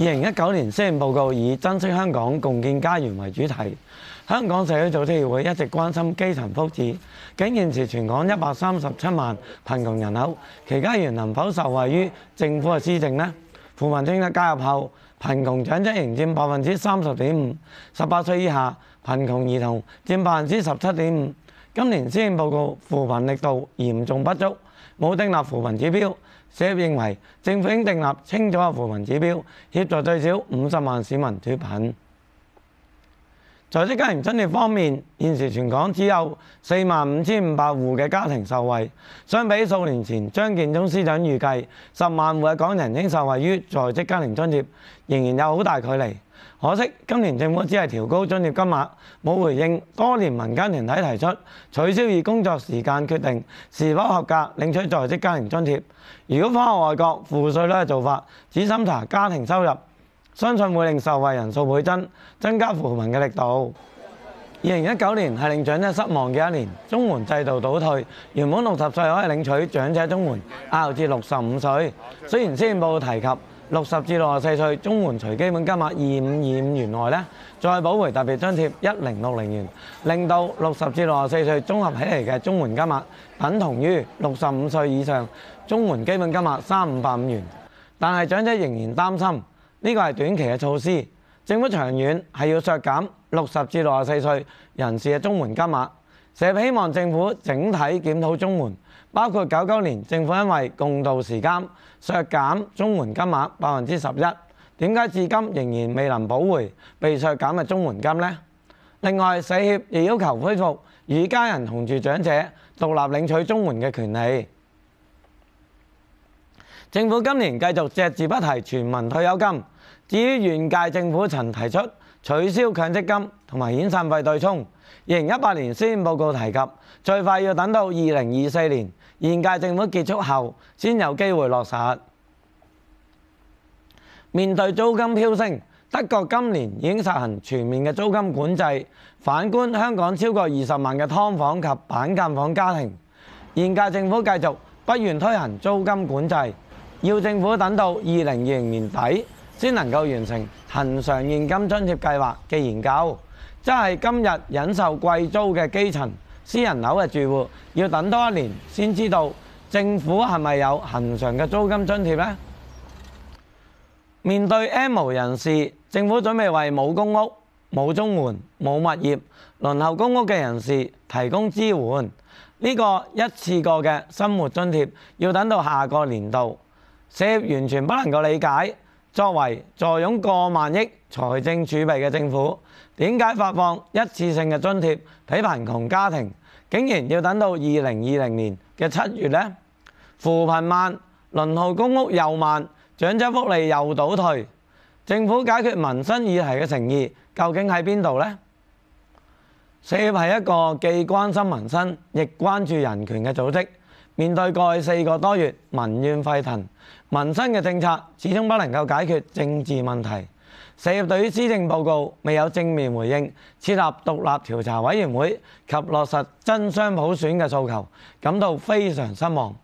二零一九年施政報告以珍惜香港、共建家園為主題。香港社區組織協會一直關心基層福祉，僅現時全港一百三十七萬貧窮人口，其家園能否受惠於政府嘅施政呢？富民政長加入後，貧窮長者仍佔百分之三十點五，十八歲以下貧窮兒童佔百分之十七點五。今年施政報告扶貧力度嚴重不足，冇訂立扶貧指標，社會認為政府應訂立清楚嘅扶貧指標，協助最少五十萬市民脫貧。在職家庭津貼方面，現時全港只有四萬五千五百戶嘅家庭受惠，相比數年前，張建宗司長預計十萬戶嘅港人應受惠於在職家庭津貼，仍然有好大距離。可惜今年政府只係調高津貼金額，冇回應多年民間團體，體提出取消以工作時間決定是否合格領取在職家庭津貼。如果返學外國，負稅率嘅做法，只審查家庭收入。相信會令受惠人數倍增，增加扶貧嘅力度。二零一九年係令長者失望嘅一年，綜援制度倒退，原本六十歲可以領取長者綜援，熬至六十五歲。雖然先報提及六十至六十四歲綜援隨基本金額二五二五元外咧，再補回特別津貼一零六零元，令到六十至六十四歲綜合起嚟嘅綜援金額等同於六十五歲以上綜援基本金額三五八五元，但係長者仍然擔心。呢個係短期嘅措施，政府長遠係要削減六十至六十四歲人士嘅綜援金額。社協希望政府整體檢討綜援，包括九九年政府因為共度時艱，削減綜援金額百分之十一，點解至今仍然未能補回被削減嘅綜援金呢？另外，社協亦要求恢復與家人同住長者獨立領取綜援嘅權利。政府今年繼續隻字不提全民退休金。至於現屆政府曾提出取消強積金同埋遣散費對沖，二零一八年先報告提及，最快要等到二零二四年現屆政府結束後先有機會落實。面對租金飆升，德國今年已經實行全面嘅租金管制。反觀香港超過二十萬嘅劏房及板間房家庭，現屆政府繼續不願推行租金管制。要政府等到二零二零年底先能夠完成恆常現金津貼計劃嘅研究，即係今日忍受貴租嘅基層私人樓嘅住戶要等多一年先知道政府係咪有恆常嘅租金津貼咧？面對 N 無人士，政府準備為冇公屋、冇綜援、冇物業輪候公屋嘅人士提供支援。呢個一次過嘅生活津貼要等到下個年度。社協完全不能夠理解，作為坐擁過萬億財政儲備嘅政府，點解發放一次性嘅津貼俾貧窮家庭，竟然要等到二零二零年嘅七月呢？扶貧慢，輪候公屋又慢，長者福利又倒退，政府解決民生議題嘅誠意究竟喺邊度呢？社協係一個既關心民生，亦關注人權嘅組織。面對過去四個多月民怨沸騰，民生嘅政策始終不能夠解決政治問題，社協對於施政報告未有正面回應，設立獨立調查委員會及落實真雙普選嘅訴求，感到非常失望。